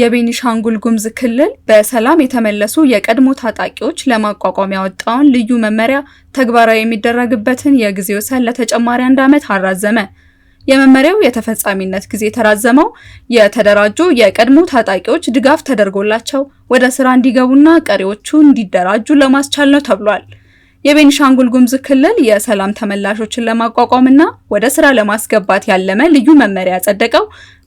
የቤኒሻንጉል ጉምዝ ክልል በሰላም የተመለሱ የቀድሞ ታጣቂዎች ለማቋቋም ያወጣውን ልዩ መመሪያ ተግባራዊ የሚደረግበትን የጊዜ ወሰን ለተጨማሪ አንድ ዓመት አራዘመ። የመመሪያው የተፈጻሚነት ጊዜ ተራዘመው የተደራጁ የቀድሞ ታጣቂዎች ድጋፍ ተደርጎላቸው ወደ ስራ እንዲገቡና ቀሪዎቹ እንዲደራጁ ለማስቻል ነው ተብሏል። የቤኒሻንጉል ጉምዝ ክልል የሰላም ተመላሾችን ለማቋቋምና ወደ ስራ ለማስገባት ያለመ ልዩ መመሪያ ያጸደቀው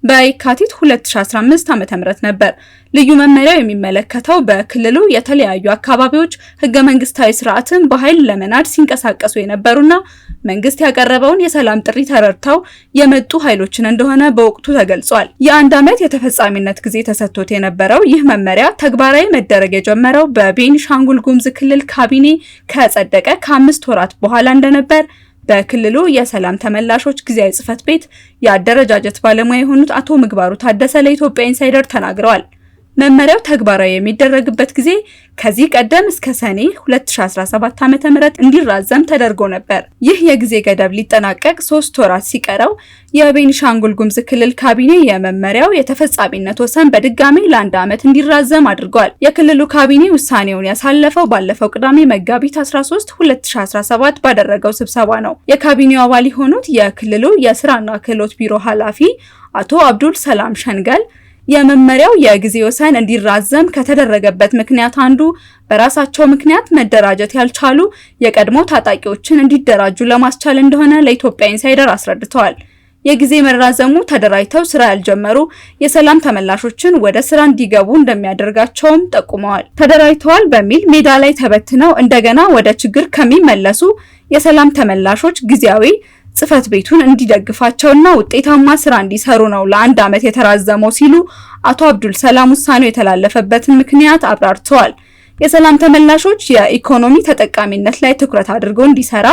በየካቲት 2015 ዓ.ም ነበር። ልዩ መመሪያው የሚመለከተው በክልሉ የተለያዩ አካባቢዎች ህገ መንግስታዊ ስርዓትን በኃይል ለመናድ ሲንቀሳቀሱ የነበሩና መንግስት ያቀረበውን የሰላም ጥሪ ተረድተው የመጡ ኃይሎችን እንደሆነ በወቅቱ ተገልጿል። የአንድ ዓመት የተፈጻሚነት ጊዜ ተሰጥቶት የነበረው ይህ መመሪያ ተግባራዊ መደረግ የጀመረው በቤኒሻንጉል ጉምዝ ክልል ካቢኔ ከጸደቀ ከአምስት ወራት በኋላ እንደነበር በክልሉ የሰላም ተመላሾች ጊዜያዊ ጽህፈት ቤት የአደረጃጀት ባለሙያ የሆኑት አቶ ምግባሩ ታደሰ ለኢትዮጵያ ኢንሳይደር ተናግረዋል። መመሪያው ተግባራዊ የሚደረግበት ጊዜ ከዚህ ቀደም እስከ ሰኔ 2017 ዓ.ም እንዲራዘም ተደርጎ ነበር። ይህ የጊዜ ገደብ ሊጠናቀቅ ሶስት ወራት ሲቀረው የቤኒሻንጉል ጉምዝ ክልል ካቢኔ የመመሪያው የተፈጻሚነት ወሰን በድጋሚ ለአንድ ዓመት እንዲራዘም አድርጓል። የክልሉ ካቢኔ ውሳኔውን ያሳለፈው ባለፈው ቅዳሜ መጋቢት 13 2017 ባደረገው ስብሰባ ነው። የካቢኔው አባል የሆኑት የክልሉ የስራና ክህሎት ቢሮ ኃላፊ አቶ አብዱል ሰላም ሸንገል የመመሪያው የጊዜ ወሰን እንዲራዘም ከተደረገበት ምክንያት አንዱ በራሳቸው ምክንያት መደራጀት ያልቻሉ የቀድሞ ታጣቂዎችን እንዲደራጁ ለማስቻል እንደሆነ ለኢትዮጵያ ኢንሳይደር አስረድተዋል። የጊዜ መራዘሙ ተደራጅተው ስራ ያልጀመሩ የሰላም ተመላሾችን ወደ ስራ እንዲገቡ እንደሚያደርጋቸውም ጠቁመዋል። ተደራጅተዋል በሚል ሜዳ ላይ ተበትነው እንደገና ወደ ችግር ከሚመለሱ የሰላም ተመላሾች ጊዜያዊ ጽህፈት ቤቱን እንዲደግፋቸውና ውጤታማ ስራ እንዲሰሩ ነው ለአንድ ዓመት የተራዘመው ሲሉ አቶ አብዱል ሰላም ውሳኔው የተላለፈበትን ምክንያት አብራርተዋል። የሰላም ተመላሾች የኢኮኖሚ ተጠቃሚነት ላይ ትኩረት አድርጎ እንዲሰራ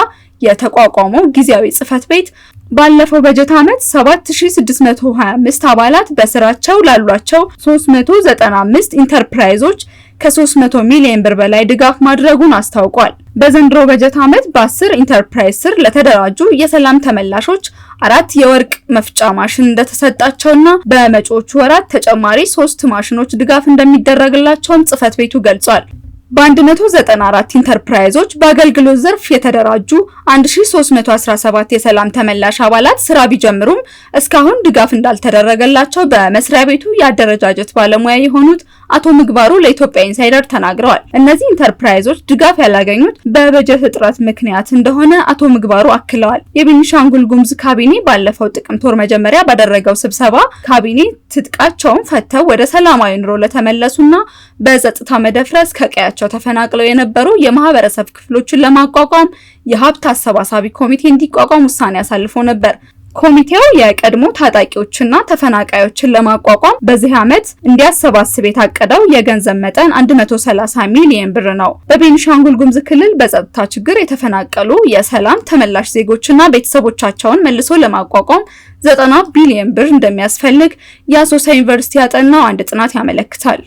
የተቋቋመው ጊዜያዊ ጽህፈት ቤት ባለፈው በጀት ዓመት 7625 አባላት በስራቸው ላሏቸው 395 ኢንተርፕራይዞች ከ300 ሚሊዮን ብር በላይ ድጋፍ ማድረጉን አስታውቋል። በዘንድሮ በጀት ዓመት በአስር ኢንተርፕራይዝ ስር ለተደራጁ የሰላም ተመላሾች አራት የወርቅ መፍጫ ማሽን እንደተሰጣቸውና በመጪዎቹ ወራት ተጨማሪ ሶስት ማሽኖች ድጋፍ እንደሚደረግላቸውም ጽህፈት ቤቱ ገልጿል። በ194 ኢንተርፕራይዞች በአገልግሎት ዘርፍ የተደራጁ 1317 የሰላም ተመላሽ አባላት ስራ ቢጀምሩም እስካሁን ድጋፍ እንዳልተደረገላቸው በመስሪያ ቤቱ የአደረጃጀት ባለሙያ የሆኑት አቶ ምግባሩ ለኢትዮጵያ ኢንሳይደር ተናግረዋል። እነዚህ ኢንተርፕራይዞች ድጋፍ ያላገኙት በበጀት እጥረት ምክንያት እንደሆነ አቶ ምግባሩ አክለዋል። የቤኒሻንጉል ጉሙዝ ካቢኔ ባለፈው ጥቅምት ወር መጀመሪያ ባደረገው ስብሰባ ካቢኔ ትጥቃቸውን ፈተው ወደ ሰላማዊ ኑሮ ለተመለሱና በጸጥታ መደፍረስ ከቀያቸው ተፈናቅለው የነበሩ የማህበረሰብ ክፍሎችን ለማቋቋም የሀብት አሰባሳቢ ኮሚቴ እንዲቋቋም ውሳኔ አሳልፎ ነበር። ኮሚቴው የቀድሞ ታጣቂዎችና ተፈናቃዮችን ለማቋቋም በዚህ ዓመት እንዲያሰባስብ የታቀደው የገንዘብ መጠን 130 ሚሊዮን ብር ነው። በቤኒሻንጉል ጉምዝ ክልል በጸጥታ ችግር የተፈናቀሉ የሰላም ተመላሽ ዜጎችና ቤተሰቦቻቸውን መልሶ ለማቋቋም 90 ቢሊዮን ብር እንደሚያስፈልግ የአሶሳ ዩኒቨርሲቲ ያጠናው አንድ ጥናት ያመለክታል።